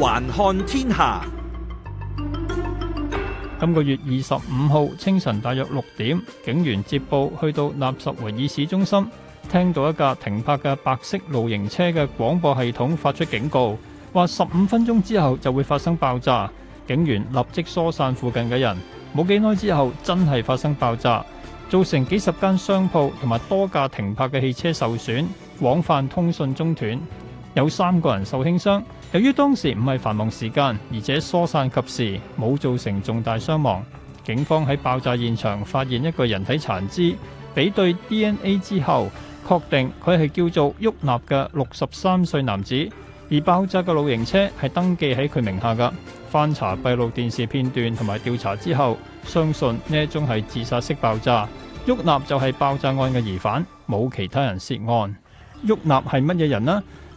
環看天下，今個月二十五號清晨大約六點，警員接報去到納什維爾市中心，聽到一架停泊嘅白色露營車嘅廣播系統發出警告，話十五分鐘之後就會發生爆炸。警員立即疏散附近嘅人，冇幾耐之後真係發生爆炸，造成幾十間商鋪同埋多架停泊嘅汽車受損，廣泛通訊中斷。有三個人受輕傷，由於當時唔係繁忙時間，而且疏散及時，冇造成重大傷亡。警方喺爆炸現場發現一個人體殘肢，比對 DNA 之後，確定佢係叫做郁納嘅六十三歲男子。而爆炸嘅露營車係登記喺佢名下噶。翻查閉路電視片段同埋調查之後，相信呢宗係自殺式爆炸，郁納就係爆炸案嘅疑犯，冇其他人涉案。郁納係乜嘢人呢？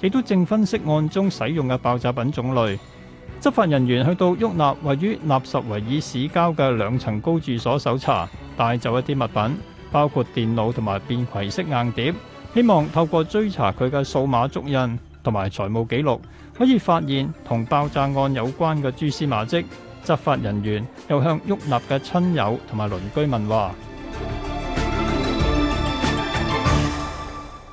亦都正分析案中使用嘅爆炸品種類，執法人員去到沃納位於納什維爾市郊嘅兩層高住所搜查，帶走一啲物品，包括電腦同埋便携式硬碟，希望透過追查佢嘅數碼足印同埋財務記錄可以發現同爆炸案有關嘅蛛絲馬跡，執法人員又向沃納嘅親友同埋鄰居問話。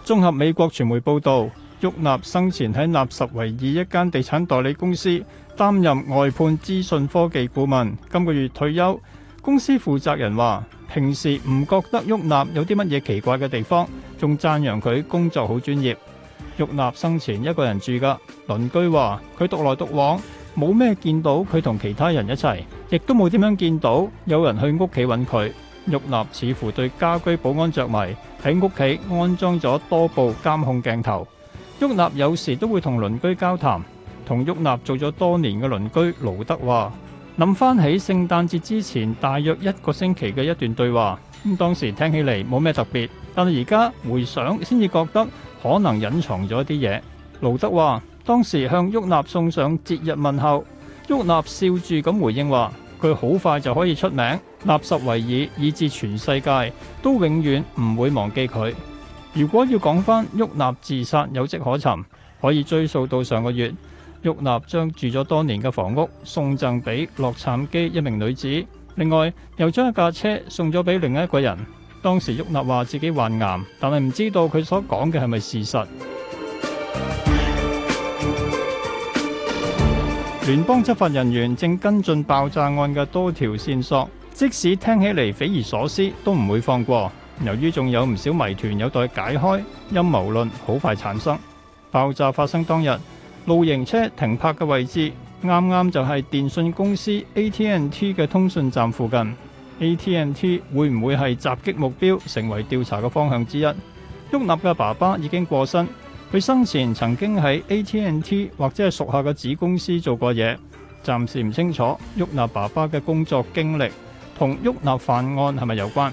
綜合美國傳媒報道。沃納生前喺納什維爾一間地產代理公司擔任外判資訊科技顧問，今個月退休。公司負責人話，平時唔覺得沃納有啲乜嘢奇怪嘅地方，仲讚揚佢工作好專業。沃納生前一個人住㗎，鄰居話佢獨來獨往，冇咩見到佢同其他人一齊，亦都冇點樣見到有人去屋企揾佢。沃納似乎對家居保安着迷，喺屋企安裝咗多部監控鏡頭。郁納有時都會同鄰居交談，同郁納做咗多年嘅鄰居盧德話，諗翻起聖誕節之前大約一個星期嘅一段對話，咁當時聽起嚟冇咩特別，但係而家回想先至覺得可能隱藏咗一啲嘢。盧德話，當時向郁納送上節日問候，郁納笑住咁回應話，佢好快就可以出名，納什維爾以至全世界都永遠唔會忘記佢。如果要講返郁納自殺有跡可尋，可以追溯到上個月，郁納將住咗多年嘅房屋送贈俾洛杉磯一名女子，另外又將一架車送咗俾另一個人。當時郁納話自己患癌，但係唔知道佢所講嘅係咪事實。聯 邦執法人員正跟進爆炸案嘅多條綫索，即使聽起嚟匪夷所思，都唔會放過。由於仲有唔少謎團有待解開，陰謀論好快產生。爆炸發生當日，露營車停泊嘅位置啱啱就係電信公司 AT&T 嘅通訊站附近。AT&T 會唔會係襲擊目標，成為調查嘅方向之一？沃納嘅爸爸已經過身，佢生前曾經喺 AT&T 或者係屬下嘅子公司做過嘢，暫時唔清楚沃納爸爸嘅工作經歷同沃納犯案係咪有關？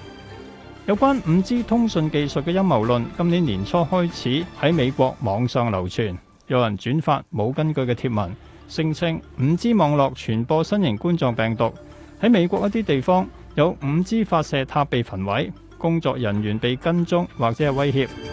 有關五 G 通信技術嘅陰謀論，今年年初開始喺美國網上流傳，有人轉發冇根據嘅貼文，聲稱五 G 網絡傳播新型冠狀病毒。喺美國一啲地方，有五 G 發射塔被焚毀，工作人員被跟蹤或者係威脅。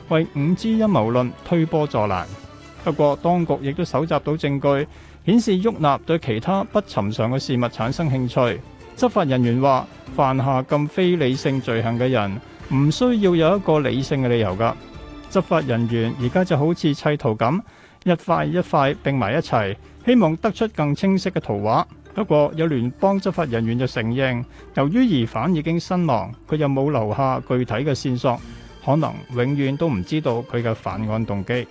為 5G 陰謀論推波助瀾。不過當局亦都蒐集到證據，顯示沃納對其他不尋常嘅事物產生興趣。執法人員話：犯下咁非理性罪行嘅人，唔需要有一個理性嘅理由噶。執法人員而家就好似砌圖咁，一塊一塊併埋一齊，希望得出更清晰嘅圖畫。不過有聯邦執法人員就承認，由於疑犯已經身亡，佢又冇留下具體嘅線索。可能永遠都唔知道佢嘅犯案動機。